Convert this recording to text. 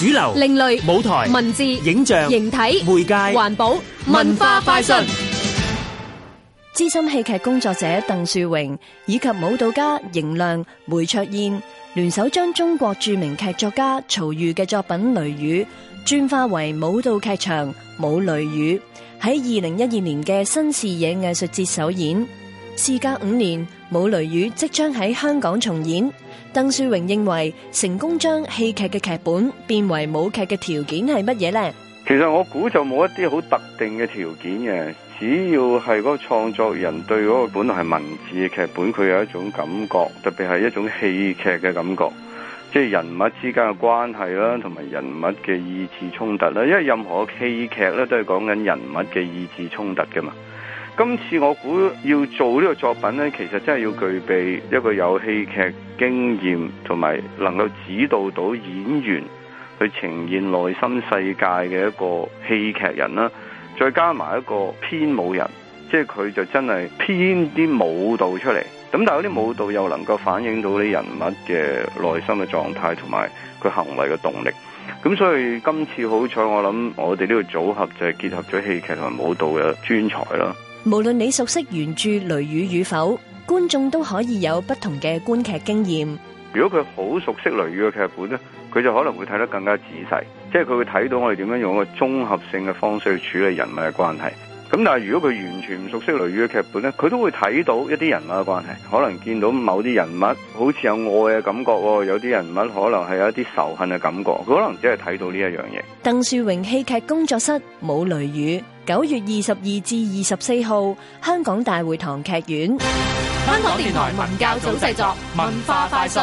主流、另類舞台、文字、影像、形體、媒介、環保、文化、快訊。資深戲劇工作者鄧樹榮以及舞蹈家邢亮、梅卓燕聯手將中國著名劇作家曹禺嘅作品《雷雨》轉化為舞蹈劇場《舞雷雨》，喺二零一二年嘅新視野藝術節首演。事隔五年，《舞雷雨》即將喺香港重演。鄧樹榮認為，成功將戲劇嘅劇本變為舞劇嘅條件係乜嘢咧？其實我估就冇一啲好特定嘅條件嘅，只要係嗰個創作人對嗰個本來係文字嘅劇本，佢有一種感覺，特別係一種戲劇嘅感覺，即係人物之間嘅關係啦，同埋人物嘅意志衝突啦。因為任何戲劇咧都係講緊人物嘅意志衝突嘅嘛。今次我估要做呢個作品咧，其實真係要具備一個有戲劇經驗，同埋能夠指導到演員去呈現內心世界嘅一個戲劇人啦。再加埋一個編舞人，即係佢就真係編啲舞蹈出嚟。咁但係嗰啲舞蹈又能夠反映到啲人物嘅內心嘅狀態，同埋佢行為嘅動力。咁所以今次好彩，我諗我哋呢個組合就係結合咗戲劇同埋舞蹈嘅專才啦。無論你熟悉原著雷雨與否，觀眾都可以有不同嘅觀劇經驗。如果佢好熟悉雷雨嘅劇本咧，佢就可能會睇得更加仔細，即係佢會睇到我哋點樣用一個綜合性嘅方式去處理人物嘅關係。咁但係如果佢完全唔熟悉雷雨嘅劇本咧，佢都會睇到一啲人物嘅關係，可能見到某啲人物好似有愛嘅感覺，有啲人物可能係有一啲仇恨嘅感覺，佢可能只係睇到呢一樣嘢。鄧樹榮戲劇工作室《冇雷雨》，九月二十二至二十四號，香港大會堂劇院，香港電台文教組製作，文化快訊。